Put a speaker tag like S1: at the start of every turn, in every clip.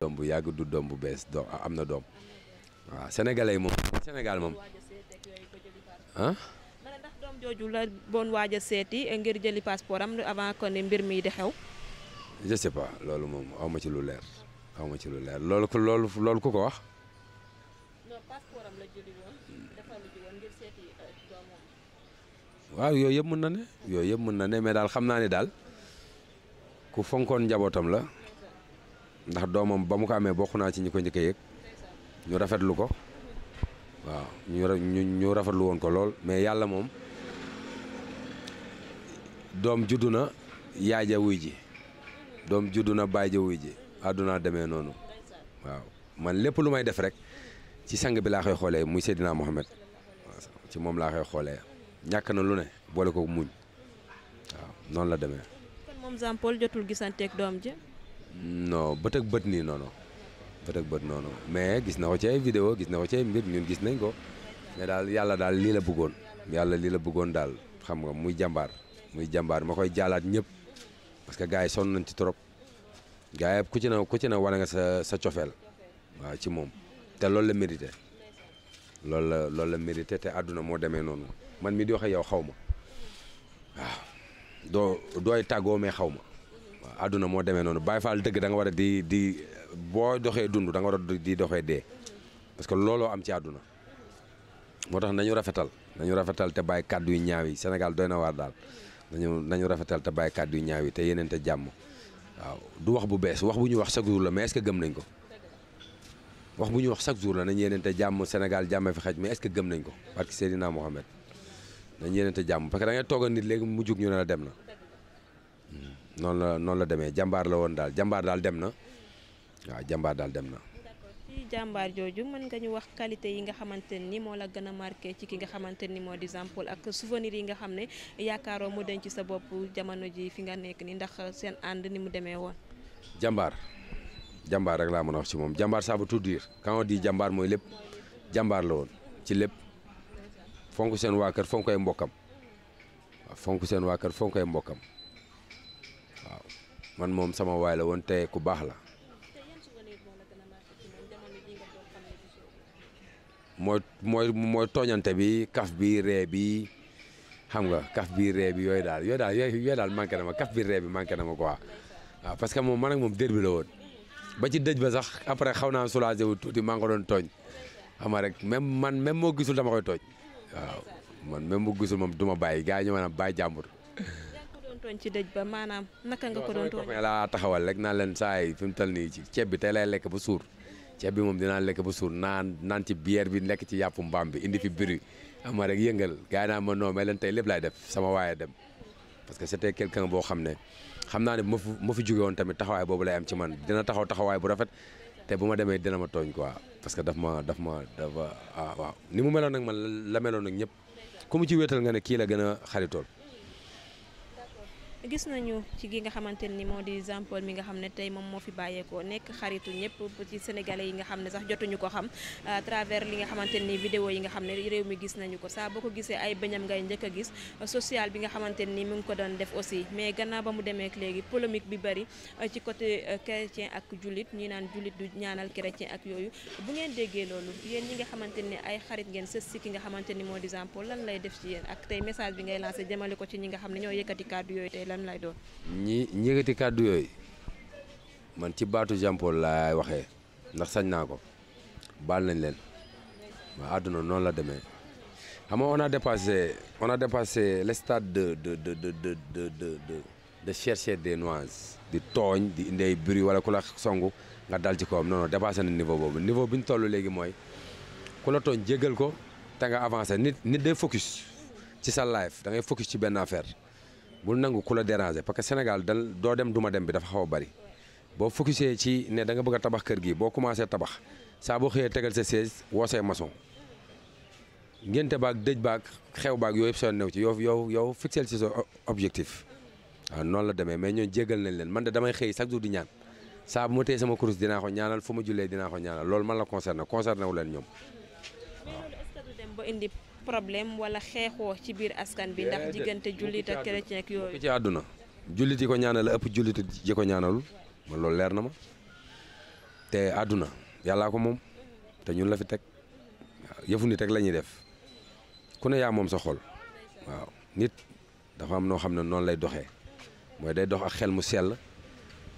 S1: doom bu yàgg du doom bu bees doom am na doom waaw sénégalais yi moom Sénégal moom ah.
S2: ndax seeti ngir jëli passeport am avant que ne
S1: xew. loolu moom ci lu leer aw ci lu leer loolu ko loolu yooyu yëpp mën na yooyu yëpp mën na ne daal xam naa ne daal ku fonkoon njabootam la. ndax doomam ba mu ko amee bokk naa ci ñi ko njëkk a yëg ñu rafetlu ko waaw ñu ñu rafetlu woon ko lool mais yàlla moom doom juddu na yaay ja wuy ji doom juddu na baay ja wuy ji àdduna demee noonu waaw man lépp lu may def rek ci sang bi laa koy xoolee muy Seydina Mohamed ci moom laa koy xoolee ñàkk na lu ne boole ko muñ waaw noonu la demee. no bët ak bët nii non non noonu mais gis na ko ci ay vidéo gis na ko ci ay mbir ñun gis nañ ko mais daal yàlla daal lii la bëggoon yàlla lii la bëggoon daal xam nga muy jàmbaar muy jàmbaar ma koy jaalaat ñëpp parce que gars yi sonn nañ ci trop gaa yi ku ci na ku ci na wane nga sa sa cofeel waaw ci moom te loolu la mérité loolu la loolu la mérité te àdduna moo demee noonu man mi di wax yow xaw ma waaw doo dooy tàggoo xaw ma àdduna moo demee noonu Baye Fall dëgg danga nga war a di di boo doxee dund da war a di doxee dee parce que looloo am ci àdduna moo tax nañu rafetal nañu rafetal te bàyyi kàddu yu ñaaw yi Sénégal doy na waar daal nañu nañu rafetal te bàyyi kàddu ñaaw yi te yeneen te jàmm waaw du wax bu bees wax bu ñu wax chaque jour la mais est gëm nañ ko wax bu ñu wax chaque jour la nañ yeneen te jàmm Sénégal jàmm fi xaj mais est que gëm nañ ko parce que Seydina Mohamed nañ yeneen jàmm parce que da ngay toog a nit léegi mu jug ñu ne dem na. Hmm. noonu la noonu la demee jàmbaar la woon daal jàmbaar daal dem na waaw jambaar daal dem na.
S2: ci jàmbaar jooju mën nga ñu wax qualité yi nga xamante ni moo la gën a marqué ci ki nga xamante ni moo di Jean ak souvenir yi nga xam ne yaakaaroo mu ci sa bopp jamono ji fi nga nekk ni ndax seen ànd ni mu demee woon.
S1: jambaar jambaar rek laa mën a wax ci moom jàmbaar ça veut tout dire quand on dit mooy lépp jàmbaar la woon ci lépp fonk seen waa kër fonk ay mbokkam waaw fonk seen waa kër fonk mbokkam. waaw man moom sama waay la woon te ku baax la mooy mooy mooy tooñante bi kaf bi ree bi xam nga kaf bi ree bi yooyu daal yooyu daal yooyu daal manqué na ma kaf bi ree bi manqué na ma quoi waaw parce que moom man ak moom dër la woon ba ci dëj ba sax après xaw naa soulagé wu tuuti maa ngi ko doon tooñ xam ma rek même man même moo gisul dama koy tooñ waaw man même moo gisul moom du ma bàyyi gars yi ñu ma naan bàyyi jàmbur
S2: nekkoon ci dëj ba maanaam naka nga ko doon tooñ
S1: laa taxawal rek naa leen saa yi fi mu toll nii ci ceeb bi tey lay lekk ba suur ceeb bi moom dinaa lekk ba suur naan naan ci bière bi nekk ci yàpp mbaam bi indi fi biri ama rek yëngal gars yi naa ma noo mais leen tey lépp laay def sama waaye dem parce que c'était quelqu'un boo xam ne xam naa ne ma fi ma fi jóge tamit taxawaay boobu lay am ci man dina taxaw taxawaay bu rafet te bu ma demee dina ma tooñ quoi parce que daf ma daf ma dafa ah waaw mu meloon nag man la meloon nag ñëpp ku ci wéetal nga ne kii la gën a xaritool
S2: gis nañu ci gi nga xamante ni moo di Jean mi nga xam ne tey moom moo fi bàyyeekoo nekk xaritu ñëpp ci sénégalais yi nga xam ne sax jotuñu ko xam à travers li nga xamante ni vidéo yi nga xam ne réew mi gis nañu ko saa boo ko gisee ay bëñam ngay njëkk a gis social bi nga xamante ni mu ngi ko doon def aussi mais gannaaw ba mu demee léegi polémique bi bari euh, ci côté euh, chrétien ak jullit ñi naan jullit du ñaanal chrétien ak yooyu bu ngeen déggee loolu yéen ñi nga xamante ni ay xarit ngeen sës si ki nga ni moo di Jean lan lay def ci yéen ak tey message bi ngay lancé jëmale ko ci ñi nga xam ne ñoo yëkkati kàddu yooyu tey yoon lay doon.
S1: ñi ñi kàddu yooyu man ci baatu Jean Paul waxee ndax sañ naa ko baal nañ leen waaw àdduna noonu la demee xam nga on a dépassé on a dépassé le stade de de de de de de de des nuances. di tooñ di indi ay bruit wala ku la songu nga dal ci ko am non dépassé na niveau boobu niveau bi ñu toll léegi mooy ku la tooñ jéggal ko te nga avancé nit nit day focus ci sa life da ngay focus ci benn affaire. bul nangu ku la déranger parce que Sénégal dal doo dem duma dem bi dafa xaw a bari boo focusé ci ne danga nga tabax kër gi boo commencé tabax saa boo xëyee tegal sa chaise woo say maçon ngénte baag dëj baag xew baag yooyu yëpp soo new ci yow yow yow fixel ci sa objectif waaw noonu la demee mais ñoom jégal nañ leen man de damay xëy chaque jour di ñaan saa bu ma téye sama kurus dinaa ko ñaanal fu ma jullee dinaa ko ñaanal loolu man la concerné concerné wu leen ñoom
S2: problème wala xeexoo ci biir askan bi ndax diggante jullit ak chrétien
S1: ci àdduna jullit yi ko la ëpp jullit yi ko ñaanalul man loolu leer na ma te àdduna yàllaa ko moom te ñun la fi teg yëfu nit rek la def ku ne yaa moom sa xol waaw nit dafa am noo xam ne noonu lay doxee mooy day dox ak xel mu sell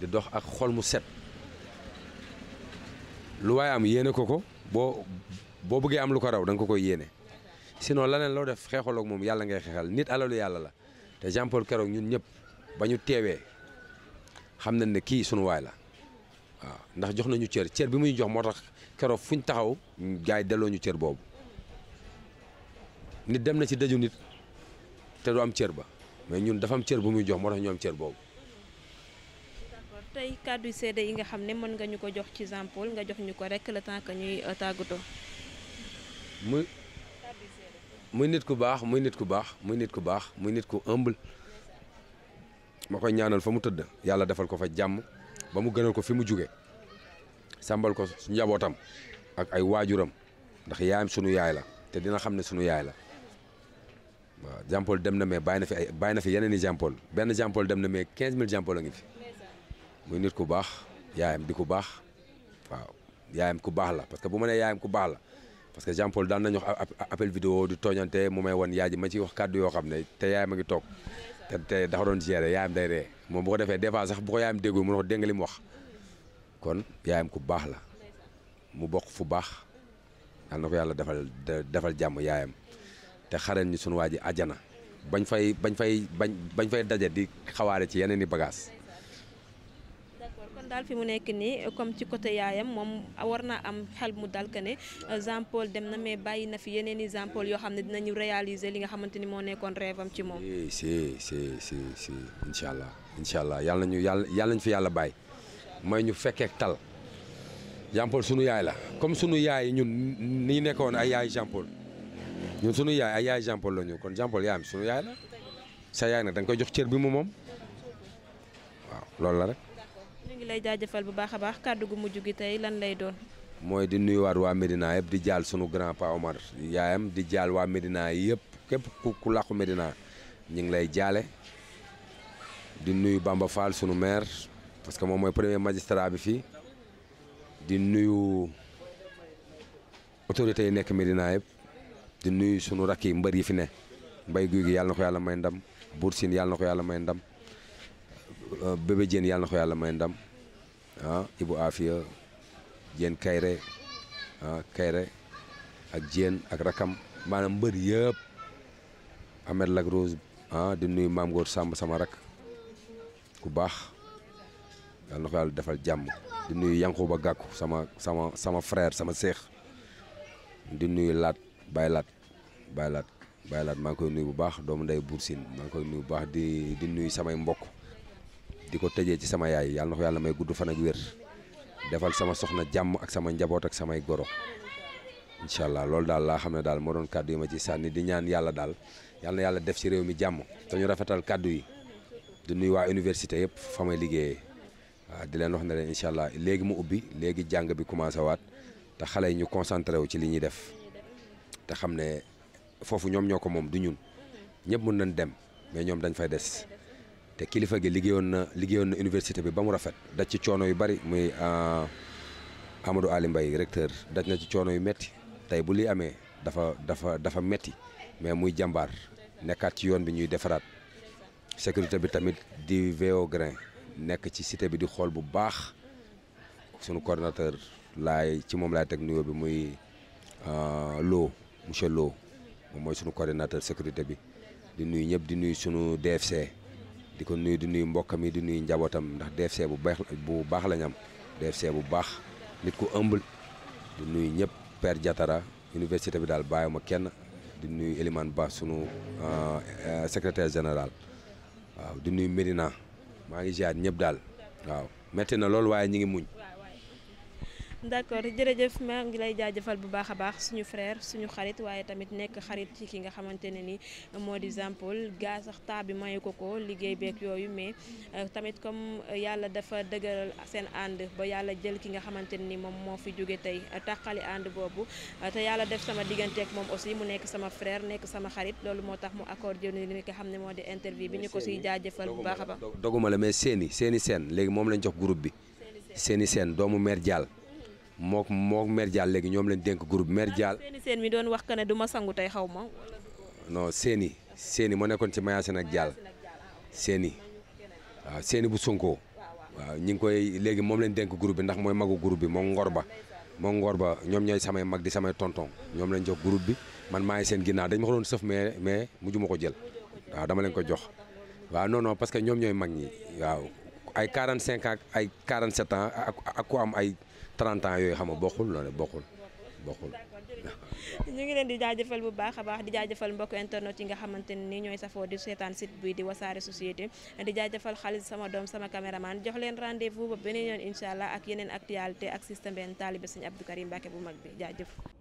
S1: di dox ak xol mu set lu waaye am yéene ko ko boo boo bëggee am lu ko raw da ko koy yéene. sinon laneen loo def xeexaloog moom yàlla ngay xeexal nit alalu yàlla la te Jean Paul keroog ñun ñëpp ba ñu teewee xam nañ ne kii sunu waay la waaw ndax jox nañu cër cër bi muy jox moo tax keroog fu ñu taxaw gars yi delloo ñu cër boobu nit dem na ci dëju nit te du am cër ba mais ñun dafa am cër bu muy jox moo tax ñu am cër boobu.
S2: d'accord yi nga xam ne mën nga ñu ko jox ci Jean nga jox ñu ko rek le temps
S1: muy nit ku baax muy nit ku baax muy nit ku baax muy nit ku humble ma koy ñaanal fa mu tëdd yàlla defal ko fa jàmm ba mu gënal ko fi mu jóge sàmbal ko su njabootam ak ay waajuram ndax yaayam sunu yaay la te dina xam ne sunu yaay la waaw Jean dem na mais bàyyi na fi ay bàyyi fi yeneen i Jean benn Jean dem na mais quinze Jean Paul a ngi fi muy nit ku baax yaayam di ku baax waaw yaayam ku baax la parce que bu ma nee yaayam ku baax la. parce que Jean Paul daan nañu wax appel vidéo du tooñante mu may wan yaay ji ma ciy wax kàddu yoo xam ne te yaay ma ngi toog te dafa doon gérer yaayam day ree moom bu ko defee des fois sax bu ko yaayam déggul mu ne ko dégg li mu wax kon yaayam ku baax la mu bokk fu baax yal na ko yàlla defal defal jàmm yaayam te xaren ñu sunu waaj ji bañ fay bañ fay bañ bañ fay daje di xawaare ci yeneen i bagages.
S2: daal fi mu nekk nii comme ci côté yaayam moom war naa am xel mu dal ka ne euh, Jean Paul dem na mais bàyyi na fi yeneen i Jean Paul yoo xam ne dinañu réaliser li nga xamante ni moo nekkoon rêve am ci moom.
S1: si si si si incha allah incha allah yàlla ñu yàlla yàlla ñu fi yàlla bàyyi may ñu fekkeek tal Jean Paul sunu yaay comme sunu yaay ñun ni ñu nekkoon ay yaay Jean Paul ñun sunu yaay ay yaay Jean Paul la ñu kon Jean Paul yaayam sunu yaay la sa yaay nag da koy jox cër bi mu moom waaw loolu la rek.
S2: lay jaajëfal bu baax a baax kàddu gu mujj gi tey lan lay doon.
S1: mooy di nuyuwaat waa Medina yëpp di jaal sunu grand pa Omar yaayam di jaal waa Medina yëpp képp ku ku làqu Medina ñu ngi lay jaale di nuyu Bamba Fall sunu maire parce que moom mooy premier magistrat bi fii di nuyu autorités yi nekk Medina yëpp di nuyu sunu rakk yi mbër yi fi ne mbay guy gi yàlla ko yàlla may ndam Bour Sine yàlla ko yàlla may ndam euh, Bébé yàlla na ko yàlla may ndam. ah Ibu Afia Diène Kayre ah, Kayre ak Diène ak rakam maanaam mbër yépp amet Lac Rose ah, di nuyu maam Góor Samb sama rak ku baax yàlla na ko defal jàmm di nuyu ba Gàkku sama sama sama frère sama seex di nuyu laat Baye Laat Baye Laat Baye maa ngi koy nuyu bu baax doomu ndey Buur Siin maa ngi koy nuyu bu baax di di samay mbokk di ko tëjee ci sama yaay yàlla na ko yàlla may gudd fan ak wér defal sama soxna jàmm ak sama njaboot ak samay goro incha allah loolu daal laa xam ne daal moo doon kàddu yi ma ci sànni di ñaan yàlla daal yàlla yàlla def ci réew mi jàmm dañu rafetal kàddu yi di nuyu waa université yëpp fa may liggéeyee waaw di leen wax ne leen incha allah léegi mu ubbi léegi jàng bi commencé waat te xale yi ñu concentré wu ci li ñuy def te xam ne foofu ñoom ñoo ko moom du ñun ñëpp mën nañ dem mais ñoom dañ fay des. te kilifa gi liggéeyoon na liggéeyoon na université bi ba mu rafet daj ci coono yu bari muy euh, Amadou Ali recteur daj na ci coono yu metti tey bu li amee dafa dafa dafa metti mais muy jàmbaar nekkaat ci yoon bi ñuy defaraat sécurité bi tamit di veo nekk ci sité bi di xool bu baax sunu coordonnateur laay ci moom laay teg nuyoo bi muy euh, Lo monsieur Lo moom mooy sunu coordonnateur sécurité bi di nuyu ñëpp di nuyu sunu DFC di ko nuyu di nuyu mbokkam yi di nuyu njabootam ndax DFC bu baax bu baax la ñu am DFC bu baax nit ku ëmbul di nuyu ñëpp per Diatara université bi daal bàyyiwuma kenn di nuyu Elimane Ba sunu euh, euh, secretaire général waaw di nuyu Medina maa ngi ziar ñëpp daal waaw metti na loolu waaye ñi ngi muñ.
S2: d' accord jërëjëf maa ngi lay jaajëfal bu baax a baax suñu frère suñu xarit waaye tamit nekk xarit ci ki nga xamante ne ni moo di Jean Paul gaa sax bi mayu ko ko liggéey beeg yooyu mais euh, tamit comme euh, yàlla dafa dëgëral seen ànd ba yàlla jël ki nga xamante ne ni moom moo fi jóge tey euh, taqali ànd boobu te yàlla def sama diggante ak moom aussi mu nekk sama frère nekk sama xarit loolu moo tax mu accordé ni li nga xam ne moo di interview bi ñu ko siy jaajëfal bu baax a
S1: baax seeni seeni seen léegi moom lañ jox groupe bi seeni seen doomu mère mook moo mère Dial léegi ñoom lañ denk groupe mère Dial.
S2: seeni mi doon wax que ne du sangu tey xaw ma.
S1: non seeni seeni moo nekkoon ci Mayacine ak Dial ah, seeni waaw seeni bu Sonko waaw ñu ngi koy léegi moom lañ denk groupe bi ndax mooy magu groupe bi moom ngor ba moo ngor ba ñoom ñooy samay mag di samay tonton ñoom lañ jox groupe bi man maa ngi seen ginnaaw dañ ma ko doon sëf mais mais mujj ma ko jël waaw dama leen ko jox waaw non non parce que ñoom ñooy mag ñi waaw ay 45 ak ay 47 ans ak ku am ay. 30 ans yooyu xam nga bokkul loolu bokkul bokkul.
S2: ñu ngi leen di jaajëfal bu baax a baax di jaajëfal mbokk internet yi nga xamante ne nii ñooy safoo di seetaan site bi di wasaare société di jaajëfal xaalis sama doom sama caméraman jox leen rendez-vous ba beneen yoon incha ak yeneen actualité ak système benn taalibe sëñ Abdou Karim Mbacke bu mag bi jaajëf.